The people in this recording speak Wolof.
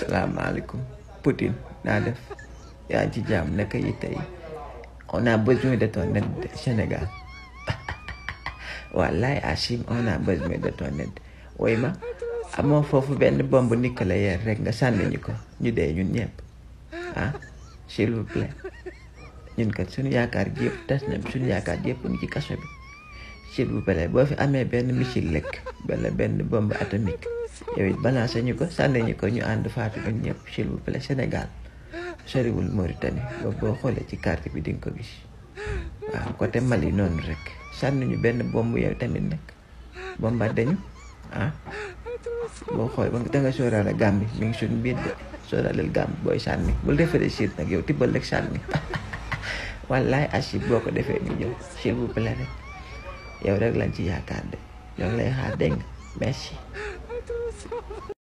salaamaaleykum Poutine naa def yaa ci jàmm naka yi tey on a besoin de ton aide Sénégal wallaay Achim on a besoin de ton aide woy ma amoo foofu benn bombe nucléaire rek nga sànni ñu ko ñu dee ñun ñëpp ah s'il vous ñun kat suñu yaakaar ji yëpp tas na suñu yaakaar ji yëpp ngi ci kaso bi ci bu pare boo fi amee benn missile lekk wala benn bombe atomique yow it balancé ñu ko sànni ñu ko ñu ànd faatu ñun ñëpp s'il vous plaît Sénégal soriwul Mauritanie boobu ci carte bi di ko gis waaw côté Mali noonu rek sànni ñu benn bomb yow tamit nag bombardé ñu ah. xool ba da nga sóoraale Gambie ngi suñu biir de sóoraaleel Gambie booy sànni bul réfléchir nag yow tibbal rek sànni wallaay asib boo ko defee rek yow rek lañ ci yaakaar de yow lay xaar dégg nga